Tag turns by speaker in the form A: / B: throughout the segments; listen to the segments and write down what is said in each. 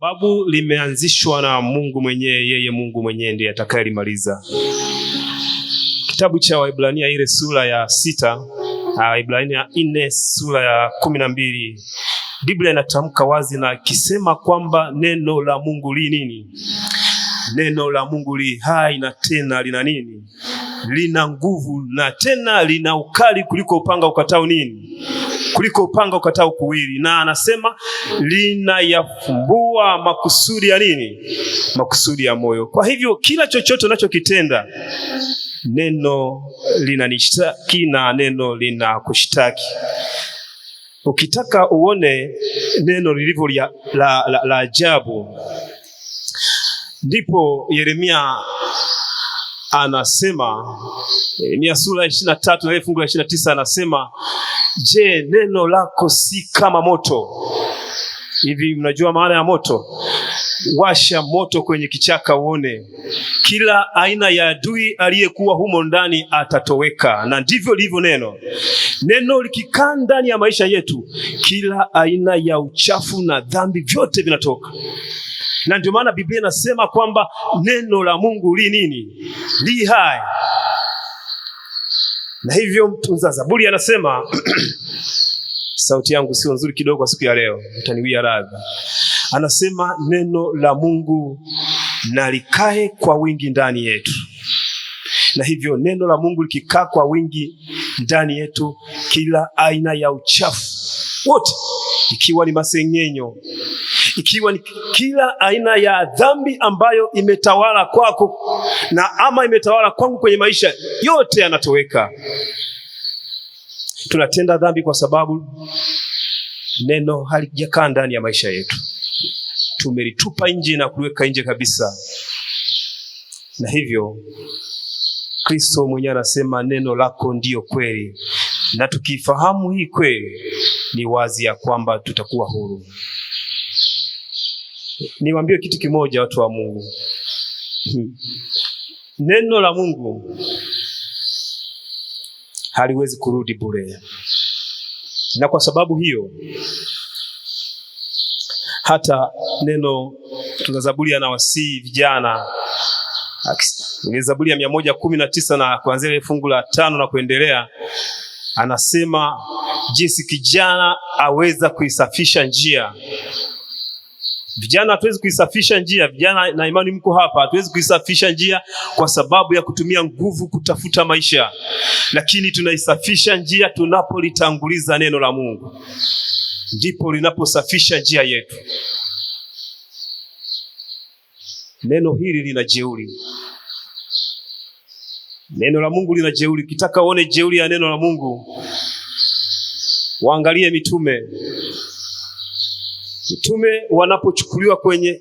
A: sababu limeanzishwa na Mungu mwenyewe. Yeye Mungu mwenyewe ndiye atakayelimaliza. Kitabu cha Waibrania ile sura ya sita, ah, Waibrania n sura ya kumi na mbili Biblia inatamka wazi na ikisema kwamba neno la Mungu li nini? Neno la Mungu li hai na tena lina nini? Lina nguvu na tena lina ukali kuliko upanga ukatao nini? kuliko upanga ukatao kuwili, na anasema linayafumbua makusudi ya nini? Makusudi ya moyo. Kwa hivyo kila chochote unachokitenda neno linanishtaki na neno linakushtaki. Ukitaka uone neno lilivyo la, la, la, la ajabu, ndipo Yeremia anasema Yeremia sura ya ishirini na tatu na ile fungu la tisa anasema Je, neno lako si kama moto? Hivi mnajua maana ya moto? Washa moto kwenye kichaka uone, kila aina ya adui aliyekuwa humo ndani atatoweka. Na ndivyo lilivyo neno. Neno likikaa ndani ya maisha yetu, kila aina ya uchafu na dhambi vyote vinatoka na ndio maana Biblia inasema kwamba neno la Mungu li nini? Li hai. Na hivyo mtunza zaburi anasema sauti yangu sio nzuri kidogo kwa siku ya leo, utaniwia radhi. Anasema neno la Mungu nalikae kwa wingi ndani yetu, na hivyo neno la Mungu likikaa kwa wingi ndani yetu, kila aina ya uchafu wote, ikiwa ni masengenyo ikiwa ni kila aina ya dhambi ambayo imetawala kwako na ama imetawala kwangu kwenye maisha yote yanatoweka. Tunatenda dhambi kwa sababu neno halijakaa ndani ya maisha yetu, tumelitupa nje na kuliweka nje kabisa, na hivyo Kristo mwenyewe anasema neno lako ndiyo kweli, na tukifahamu hii kweli, ni wazi ya kwamba tutakuwa huru niwaambie kitu kimoja, watu wa Mungu. Neno la Mungu haliwezi kurudi bure, na kwa sababu hiyo hata neno tuna Zaburi anawasihi vijana ni Zaburi ya mia moja kumi na tisa na kuanzia ile fungu la tano na kuendelea, anasema jinsi kijana aweza kuisafisha njia Vijana hatuwezi kuisafisha njia, vijana na imani mko hapa, hatuwezi kuisafisha njia kwa sababu ya kutumia nguvu kutafuta maisha, lakini tunaisafisha njia tunapolitanguliza neno la Mungu, ndipo linaposafisha njia yetu. Neno hili lina jeuri, neno la Mungu lina jeuri. Kitaka uone jeuri ya neno la Mungu, waangalie mitume mtume wanapochukuliwa kwenye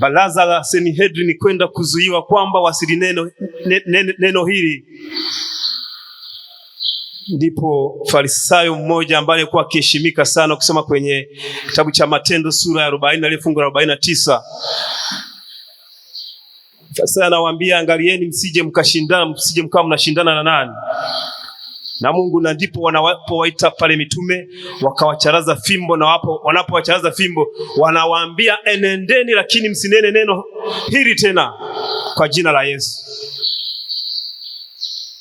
A: baraza la Sanhedrin kwenda kuzuiwa kwamba wasilineno neno, neno hili, ndipo Farisayo mmoja ambaye alikuwa akiheshimika sana kusema kwenye kitabu cha Matendo sura ya 40 na lile fungu la na Farisayo anawaambia, angalieni msije mkashindana, msije mkawa mnashindana na nani na Mungu, na ndipo wanapowaita pale mitume wakawacharaza fimbo, na wapo wanapowacharaza fimbo wanawaambia enendeni, lakini msinene neno hili tena kwa jina la Yesu.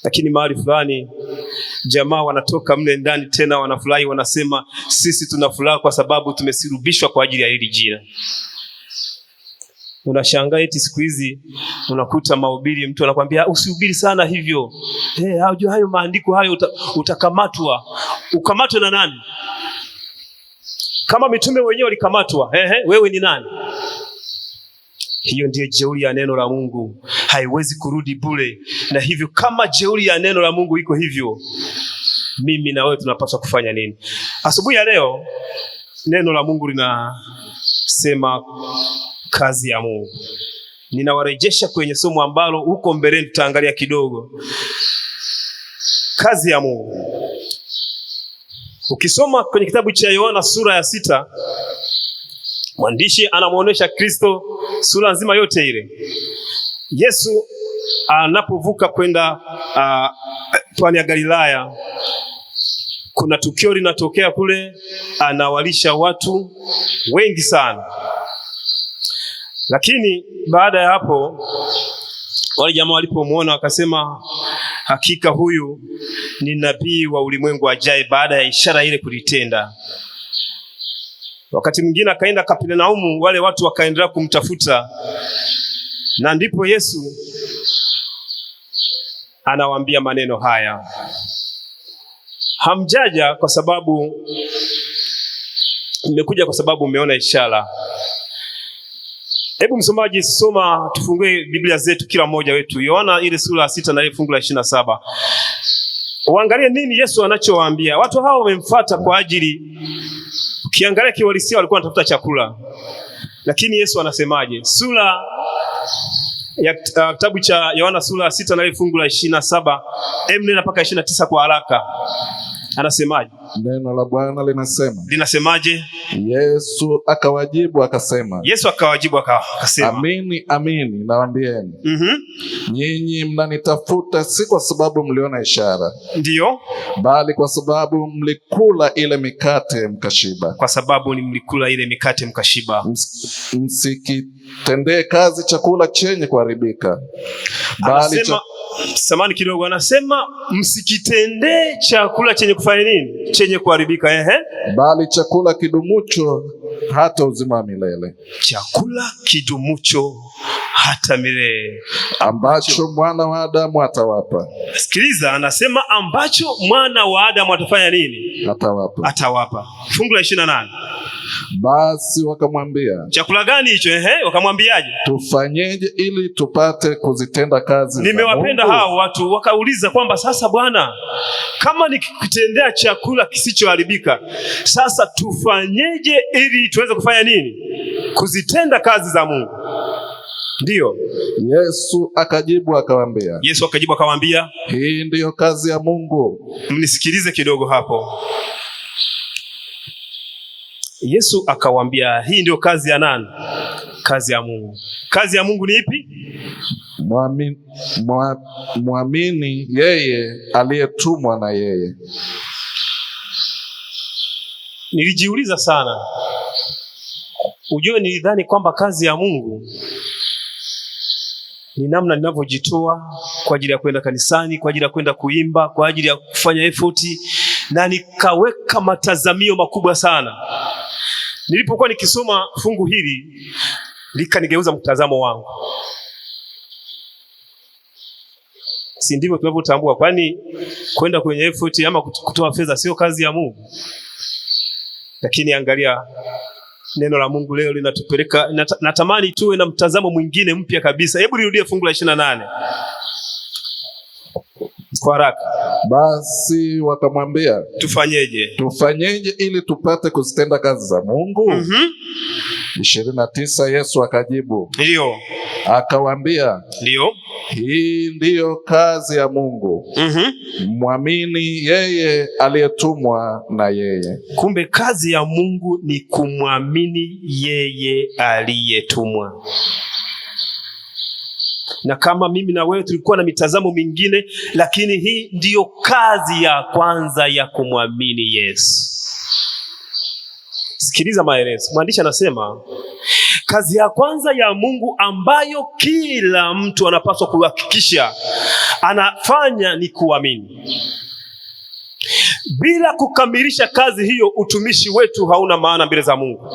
A: Lakini mahali fulani jamaa wanatoka mle ndani tena wanafurahi, wanasema sisi tunafuraha kwa sababu tumesulubishwa kwa ajili ya hili jina. Unashangaa eti siku hizi unakuta mahubiri, mtu anakwambia usihubiri sana hivyo, hey, eh, hajua hayo maandiko hayo, utakamatwa. Ukamatwe na nani? Kama mitume wenyewe walikamatwa, ehe, wewe ni nani? Hiyo ndiyo jeuri ya neno la Mungu, haiwezi kurudi bure. Na hivyo kama jeuri ya neno la Mungu iko hivyo, mimi na wewe tunapaswa kufanya nini? Asubuhi ya leo neno la Mungu linasema kazi ya Mungu. Ninawarejesha kwenye somo ambalo huko mbeleni tutaangalia kidogo, kazi ya Mungu. Ukisoma kwenye kitabu cha Yohana sura ya sita, mwandishi anamwonyesha Kristo sura nzima yote ile, Yesu anapovuka kwenda pwani ya Galilaya kuna tukio linatokea kule, anawalisha watu wengi sana. Lakini baada ya hapo wale jamaa walipomwona wakasema, hakika huyu ni nabii wa ulimwengu ajaye, baada ya ishara ile kulitenda. Wakati mwingine akaenda Kapernaumu, wale watu wakaendelea kumtafuta, na ndipo Yesu anawaambia maneno haya, hamjaja kwa sababu mmekuja kwa sababu mmeona ishara Hebu msomaji soma, tufungue Biblia zetu kila mmoja wetu, Yohana ile sura ya sita na ile fungu la ishirini na saba. Uangalie nini Yesu anachowaambia watu hao. Wamemfuata kwa ajili, ukiangalia kiwalisia, walikuwa wanatafuta chakula, lakini Yesu anasemaje? Sura ya uh, kitabu cha Yohana sura ya sita na ile fungu la ishirini na saba. Hebu nenda mpaka ishirini na tisa kwa haraka. Anasemaje?
B: Neno la Bwana linasema.
A: Linasemaje?
B: Yesu akawajibu akasema.
A: Yesu akawajibu akasema.
B: Amini, amini nawaambieni. Mhm. Mm Nyinyi mnanitafuta si kwa sababu mliona ishara. Ndiyo. Bali kwa sababu mlikula ile mikate mkashiba.
A: Kwa sababu ni mlikula ile mikate mkashiba.
B: Msikitendee kazi chakula chenye kuharibika.
A: anasema, samani kidogo, anasema msikitendee chakula chenye kufanya nini, chenye kuharibika, ehe,
B: bali chakula kidumucho hata uzima wa milele,
A: chakula kidumucho hata milele,
B: ambacho mwana wa Adamu atawapa.
A: Sikiliza, anasema ambacho mwana wa Adamu atafanya nini? Atawapa, atawapa. Fungu la ishirini nane.
B: Basi wakamwambia
A: chakula gani hicho? Ehe, wakamwambiaje?
B: Tufanyeje ili tupate kuzitenda kazi?
A: Nimewapenda hao watu, wakauliza kwamba sasa, Bwana, kama nikikutendea chakula kisichoharibika, sasa tufanyeje ili ili tuweze kufanya nini? Kuzitenda kazi za Mungu. Ndiyo.
B: Yesu akajibu akawambia,
A: Yesu akajibu akawambia
B: hii ndiyo kazi ya Mungu.
A: Mnisikilize kidogo hapo. Yesu akawambia hii ndiyo kazi ya nani? Kazi ya Mungu. Kazi ya Mungu ni ipi?
B: Mwamini, mwamini yeye aliyetumwa na yeye.
A: Nilijiuliza sana Ujue nilidhani kwamba kazi ya Mungu ni namna ninavyojitoa kwa ajili ya kwenda kanisani, kwa ajili ya kwenda kuimba, kwa ajili ya kufanya effort, na nikaweka matazamio makubwa sana. Nilipokuwa nikisoma fungu hili likanigeuza mtazamo wangu. Si ndivyo tunavyotambua? Kwani kwenda kwenye effort ama kutoa fedha sio kazi ya Mungu? Lakini angalia neno la mungu leo linatupeleka natamani tuwe na mtazamo mwingine mpya kabisa hebu nirudie fungu la ishirini nane kwa haraka.
B: Basi wakamwambia
A: tufanyeje?
B: Tufanyeje ili tupate kuzitenda kazi za Mungu? mm ishirini na tisa. Yesu akajibu ndio, akawaambia ndio, hii ndiyo kazi ya Mungu, mm -hmm. mwamini yeye aliyetumwa na yeye.
A: Kumbe kazi ya Mungu ni kumwamini yeye aliyetumwa na kama mimi na wewe tulikuwa na mitazamo mingine, lakini hii ndiyo kazi ya kwanza ya kumwamini Yesu. Sikiliza maelezo, mwandishi anasema kazi ya kwanza ya Mungu ambayo kila mtu anapaswa kuhakikisha anafanya ni kuamini. Bila kukamilisha kazi hiyo, utumishi wetu hauna maana mbele za Mungu.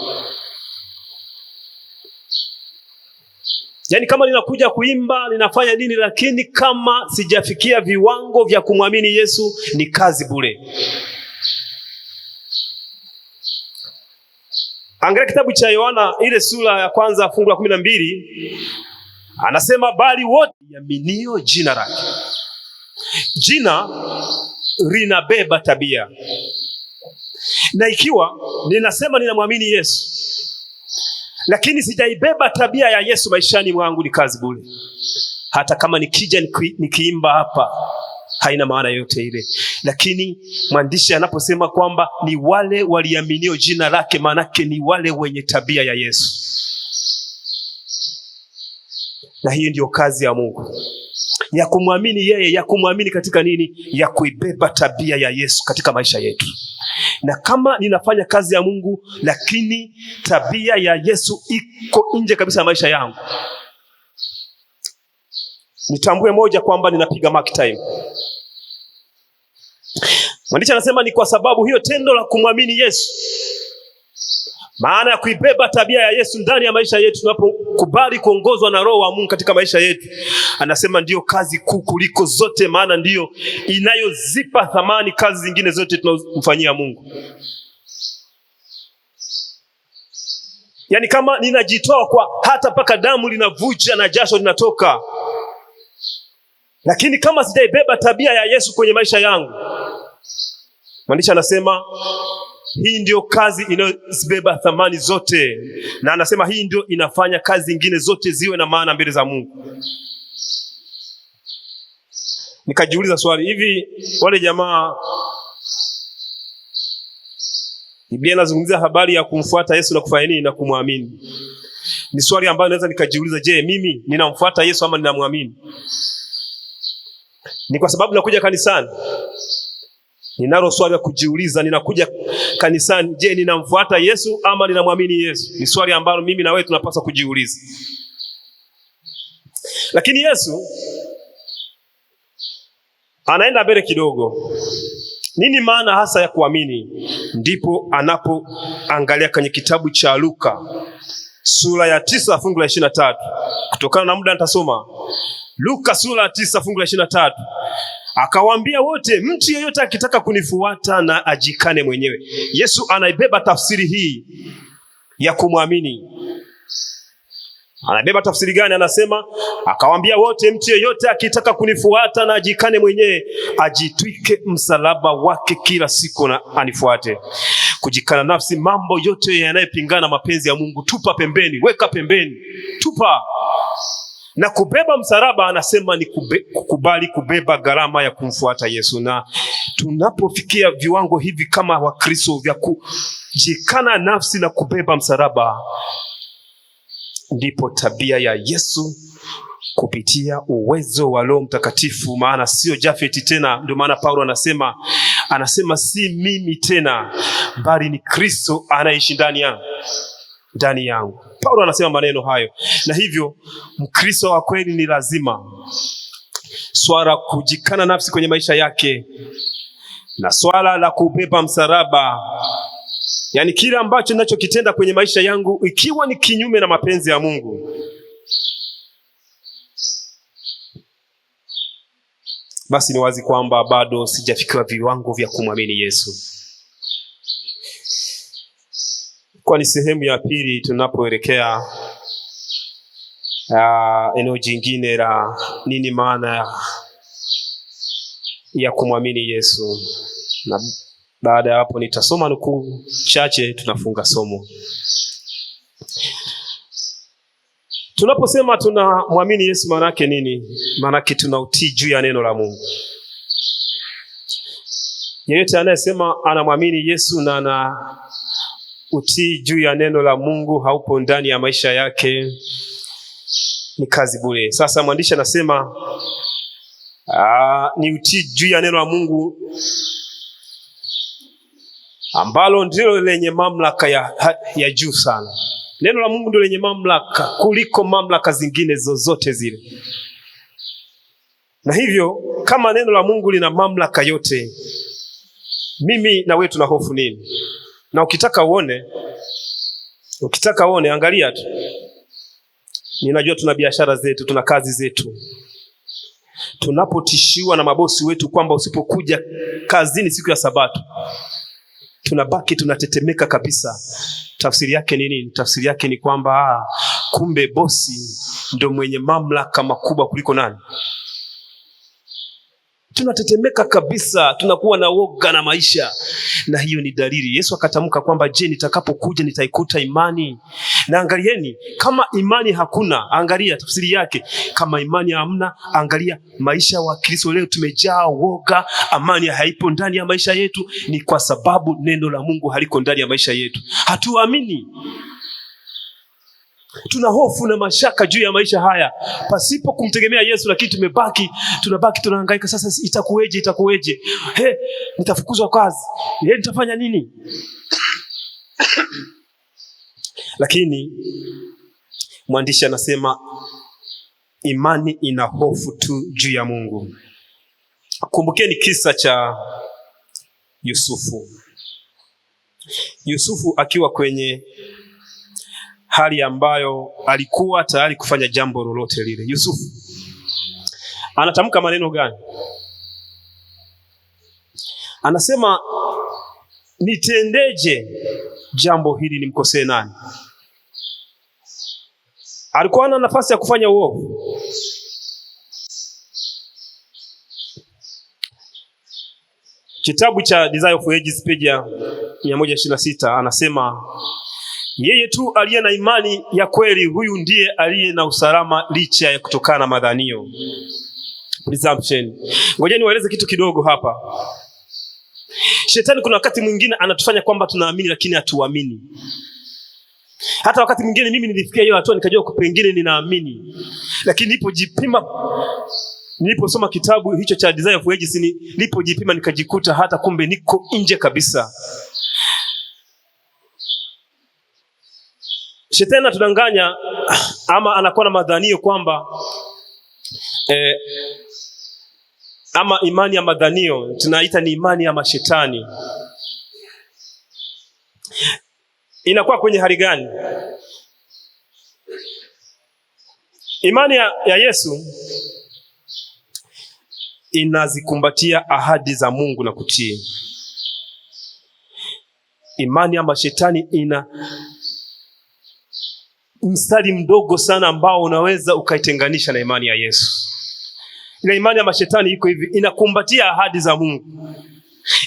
A: Yaani kama ninakuja kuimba ninafanya nini, lakini kama sijafikia viwango vya kumwamini Yesu ni kazi bure. Angalia kitabu cha Yohana ile sura ya kwanza fungu la kumi na mbili anasema bali wote yaminio jina lake. Jina linabeba tabia, na ikiwa ninasema ninamwamini Yesu lakini sijaibeba tabia ya Yesu maishani mwangu, ni kazi bule Hata kama nikija nikiimba hapa haina maana yote ile, lakini mwandishi anaposema kwamba ni wale waliaminio jina lake, maanake ni wale wenye tabia ya Yesu, na hii ndiyo kazi ya Mungu ya kumwamini yeye, ya kumwamini katika nini? Ya kuibeba tabia ya Yesu katika maisha yetu na kama ninafanya kazi ya Mungu, lakini tabia ya Yesu iko nje kabisa ya maisha yangu, nitambue moja kwamba ninapiga mark time. Mwandishi anasema ni kwa sababu hiyo tendo la kumwamini Yesu maana ya kuibeba tabia ya Yesu ndani ya maisha yetu, tunapokubali kuongozwa na Roho wa Mungu katika maisha yetu, anasema ndiyo kazi kuu kuliko zote, maana ndiyo inayozipa thamani kazi zingine zote tunazofanyia Mungu. Yaani, kama ninajitoa kwa hata mpaka damu linavuja na jasho linatoka, lakini kama sijaibeba tabia ya Yesu kwenye maisha yangu, mwandishi anasema hii ndio kazi inayozibeba thamani zote, na anasema hii ndio inafanya kazi zingine zote ziwe na maana mbele za Mungu. Nikajiuliza swali, hivi wale jamaa, Biblia inazungumzia habari ya kumfuata Yesu na kufanya nini na kumwamini. Ni swali ambalo naweza nikajiuliza, je, mimi ninamfuata Yesu ama ninamwamini? Ni kwa sababu nakuja kanisani Ninalo swali la kujiuliza, ninakuja kanisani, je, ninamfuata Yesu ama ninamwamini Yesu? Ni swali ambalo mimi na wewe tunapaswa kujiuliza. Lakini Yesu anaenda mbele kidogo. Nini maana hasa ya kuamini? Ndipo anapoangalia kwenye kitabu cha Luka sura ya tisa fungu la ishirini na tatu. Kutokana na muda nitasoma Luka sura ya tisa fungu la ishirini na tatu. Akawaambia wote, mtu yeyote akitaka kunifuata na ajikane mwenyewe. Yesu anaibeba tafsiri hii ya kumwamini. Anabeba tafsiri gani? Anasema, akawaambia wote, mtu yeyote akitaka kunifuata na ajikane mwenyewe, ajitwike msalaba wake kila siku na anifuate. Kujikana nafsi, mambo yote yanayopingana mapenzi ya Mungu, tupa pembeni, weka pembeni, tupa na kubeba msalaba anasema ni kube, kukubali kubeba gharama ya kumfuata Yesu. Na tunapofikia viwango hivi kama Wakristo vya kujikana nafsi na kubeba msalaba, ndipo tabia ya Yesu kupitia uwezo wa Roho Mtakatifu, maana sio Jafeti tena. Ndio maana Paulo anasema anasema si mimi tena, bali ni Kristo anayeishi ndani yangu ndani yangu. Paulo anasema maneno hayo, na hivyo Mkristo wa kweli ni lazima swala kujikana nafsi kwenye maisha yake na swala la kubeba msalaba, yaani kile ambacho ninachokitenda kwenye maisha yangu, ikiwa ni kinyume na mapenzi ya Mungu, basi ni wazi kwamba bado sijafikiwa viwango vya kumwamini Yesu. Kwa ni sehemu ya pili tunapoelekea uh, eneo jingine la nini maana ya kumwamini Yesu, na baada ya hapo nitasoma nukuu chache, tunafunga somo. Tunaposema tunamwamini Yesu maana yake nini? Maana yake tunautii juu ya neno la Mungu. Yeyote anayesema anamwamini Yesu na ana utii juu ya neno la Mungu haupo ndani ya maisha yake, ni kazi bure. Sasa mwandishi anasema ni utii juu ya neno la Mungu ambalo ndilo lenye mamlaka ya, ya juu sana. Neno la Mungu ndilo lenye mamlaka kuliko mamlaka zingine zozote zile, na hivyo kama neno la Mungu lina mamlaka yote, mimi na wewe tuna hofu nini? na ukitaka uone, ukitaka uone, angalia tu. Ninajua tuna biashara zetu, tuna kazi zetu. Tunapotishiwa na mabosi wetu kwamba usipokuja kazini siku ya Sabato, tunabaki tunatetemeka kabisa. Tafsiri yake ni nini? Tafsiri yake ni kwamba ah, kumbe bosi ndo mwenye mamlaka makubwa kuliko nani? tunatetemeka kabisa, tunakuwa na woga na maisha, na hiyo ni dalili. Yesu akatamka kwamba, je, nitakapokuja nitaikuta imani? Na angalieni, kama imani hakuna, angalia tafsiri yake. Kama imani hamna, angalia maisha wa Kristo leo, tumejaa woga, amani haipo ndani ya maisha yetu. Ni kwa sababu neno la Mungu haliko ndani ya maisha yetu, hatuamini. Tuna hofu na mashaka juu ya maisha haya pasipo kumtegemea Yesu, lakini tumebaki tunabaki tunaangaika Sasa itakuweje? Itakuweje? hey, nitafukuzwa kazi? hey, nitafanya nini? Lakini mwandishi anasema imani ina hofu tu juu ya Mungu. Kumbukeni kisa cha Yusufu. Yusufu akiwa kwenye hali ambayo alikuwa tayari kufanya jambo lolote lile. Yusufu anatamka maneno gani? Anasema, nitendeje jambo hili nimkosee nani? Alikuwa ana nafasi ya kufanya uovu? Kitabu cha Desire of Ages page ya 126 anasema yeye tu aliye na imani ya kweli, huyu ndiye aliye na usalama licha ya kutokana na madhanio presumption. Ngoja niwaeleze kitu kidogo hapa. Shetani kuna wakati mwingine anatufanya kwamba tunaamini lakini hatuamini. Hata wakati mwingine mimi nilifikia hiyo hatua nikajua pengine ninaamini, lakini nilipojipima, niliposoma kitabu hicho cha Desire of Ages, nilipojipima nikajikuta hata kumbe niko nje kabisa. Shetani atudanganya ama anakuwa na madhanio kwamba eh, ama imani ya madhanio tunaita ni imani ya mashetani. Inakuwa kwenye hali gani? Imani ya, ya Yesu inazikumbatia ahadi za Mungu na kutii. Imani ya mashetani ina mstari mdogo sana ambao unaweza ukaitenganisha na imani ya Yesu. Ila imani ya mashetani iko hivi, inakumbatia ahadi za Mungu,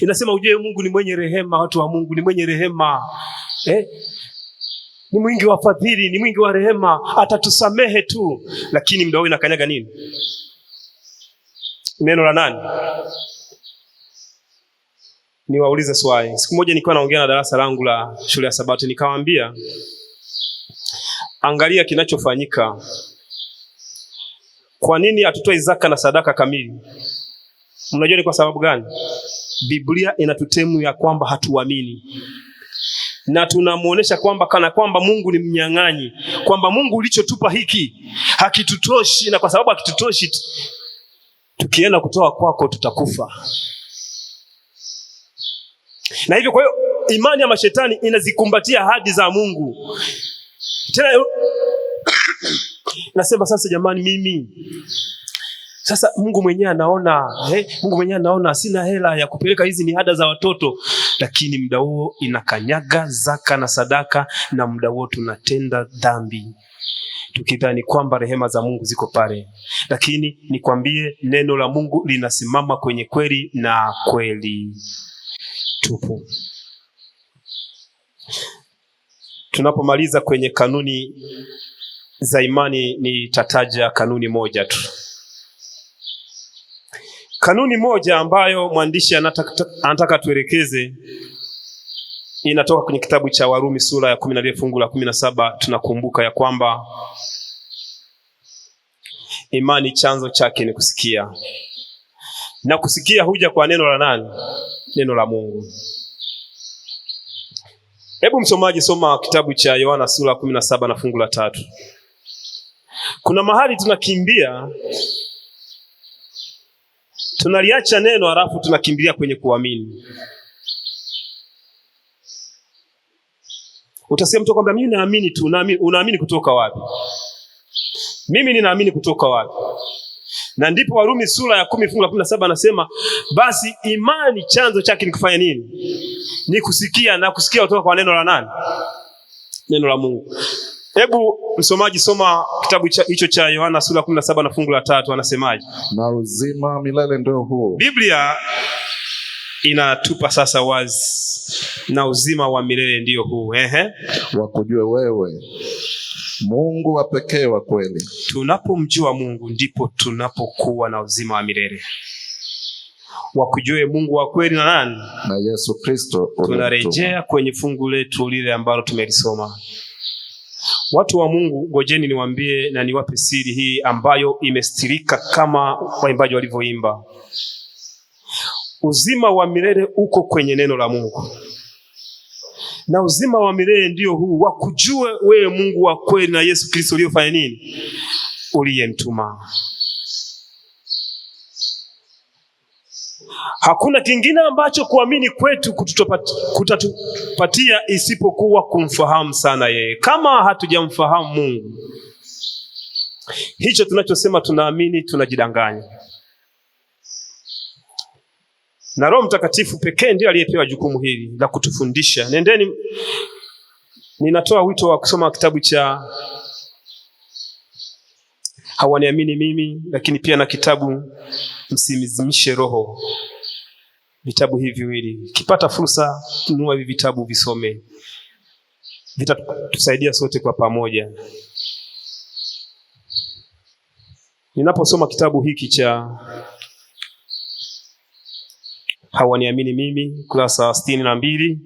A: inasema ujue Mungu ni mwenye rehema, watu wa Mungu ni mwenye rehema eh? ni mwingi wa fadhili, ni mwingi wa rehema, atatusamehe tu. Lakini mdao huo inakanyaga nini? Neno la nani? Niwaulize swali. Siku moja nikiwa naongea na darasa langu la shule ya Sabato, nikawaambia Angalia kinachofanyika. Kwa nini hatutoi zaka na sadaka kamili? Mnajua ni kwa sababu gani? Biblia inatutemu ya kwamba hatuamini na tunamwonyesha kwamba kana kwamba Mungu ni mnyang'anyi, kwamba Mungu ulichotupa hiki hakitutoshi, na kwa sababu hakitutoshi, tukienda kutoa kwako tutakufa. Na hivyo, kwa hiyo imani ya mashetani inazikumbatia ahadi za Mungu. Tena nasema sasa, jamani, mimi sasa Mungu mwenyewe anaona eh, Mungu mwenyewe anaona sina hela ya kupeleka, hizi ni ada za watoto, lakini muda huo inakanyaga zaka na sadaka, na muda huo tunatenda dhambi tukidhani kwamba rehema za Mungu ziko pale, lakini nikwambie neno la Mungu linasimama kwenye kweli na kweli tupu tunapomaliza kwenye kanuni za imani nitataja kanuni moja tu. Kanuni moja ambayo mwandishi anataka tuelekeze inatoka kwenye kitabu cha Warumi sura ya kumi na fungu la kumi na saba. Tunakumbuka ya kwamba imani chanzo chake ni kusikia, na kusikia huja kwa neno la nani? Neno la Mungu. Hebu msomaji, soma kitabu cha Yohana sura kumi na saba na fungu la tatu. Kuna mahali tunakimbia tunaliacha neno halafu tunakimbilia kwenye kuamini. Utasikia mtu kwamba mimi naamini tu. Unaamini kutoka wapi? Mimi ninaamini kutoka wapi? Na ndipo Warumi sura ya kumi fungu la kumi na saba anasema basi imani chanzo chake ni kufanya nini? ni kusikia na kusikia kutoka kwa neno la nani? Neno la Mungu. Hebu msomaji, soma kitabu hicho cha Yohana sura kumi na saba na fungu la tatu, anasemaje?
B: Na uzima milele ndio huo.
A: Biblia inatupa sasa wazi, na uzima wa milele ndio huu,
B: ehe, wakujue wewe Mungu wa pekee wa kweli.
A: Tunapomjua Mungu ndipo tunapokuwa na uzima wa milele wakujue Mungu wa kweli na nani
B: na Yesu Kristo.
A: Tunarejea kwenye fungu letu lile ambalo tumelisoma. Watu wa Mungu, ngojeni niwambie na niwape siri hii ambayo imestirika kama waimbaji walivyoimba. Uzima wa milele uko kwenye neno la Mungu, na uzima wa milele ndio huu, wakujue wewe Mungu wa kweli na Yesu Kristo uliyofanya nini, uliyemtuma. Hakuna kingine ambacho kuamini kwetu kutatupatia isipokuwa kumfahamu sana yeye, kama hatujamfahamu Mungu. Hicho tunachosema tunaamini, tunajidanganya. Na Roho Mtakatifu pekee ndiye aliyepewa jukumu hili la kutufundisha. Nendeni, ninatoa wito wa kusoma kitabu cha Hawaniamini Mimi, lakini pia na kitabu Msimizimishe Roho vitabu hivi viwili. kipata fursa, nunua hivi vitabu visome, vitatusaidia sote kwa pamoja. Ninaposoma kitabu hiki cha hawaniamini mimi, kurasa sitini na mbili,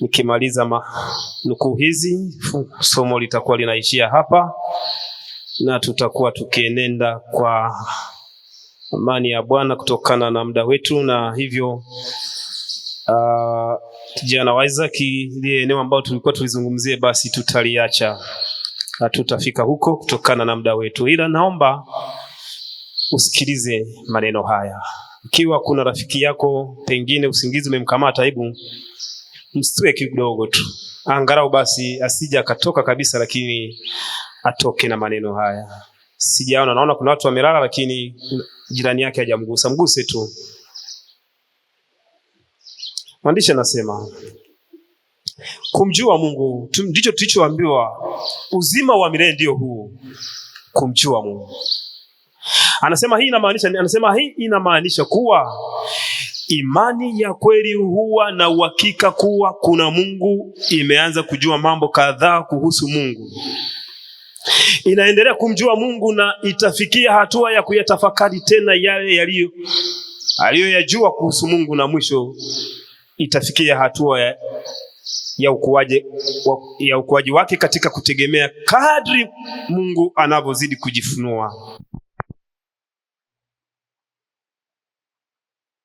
A: nikimaliza nukuu hizi, somo litakuwa linaishia hapa na tutakuwa tukienenda kwa amani ya Bwana kutokana na muda wetu, na hivyo uh, wa Isaac, ile eneo ambayo tulikuwa tulizungumzie, basi tutaliacha, hatutafika huko kutokana na muda wetu, ila naomba usikilize maneno haya. Ikiwa kuna rafiki yako pengine usingizi umemkamata, hebu mstweki kidogo tu, angalau basi asija akatoka kabisa, lakini atoke na maneno haya sijaona, naona kuna watu wamelala, lakini jirani yake hajamgusa. Mguse tu. Mwandishi anasema kumjua Mungu ndicho tulichoambiwa, uzima wa milele ndio huu, kumjua Mungu. Anasema hii inamaanisha, anasema hii inamaanisha kuwa imani ya kweli huwa na uhakika kuwa kuna Mungu, imeanza kujua mambo kadhaa kuhusu Mungu inaendelea kumjua Mungu na itafikia hatua ya kuyatafakari tena yale yaliyo aliyoyajua kuhusu Mungu, na mwisho itafikia hatua ya, ya ukuaji wa, ya ukuaji wake katika kutegemea kadri Mungu anavyozidi kujifunua.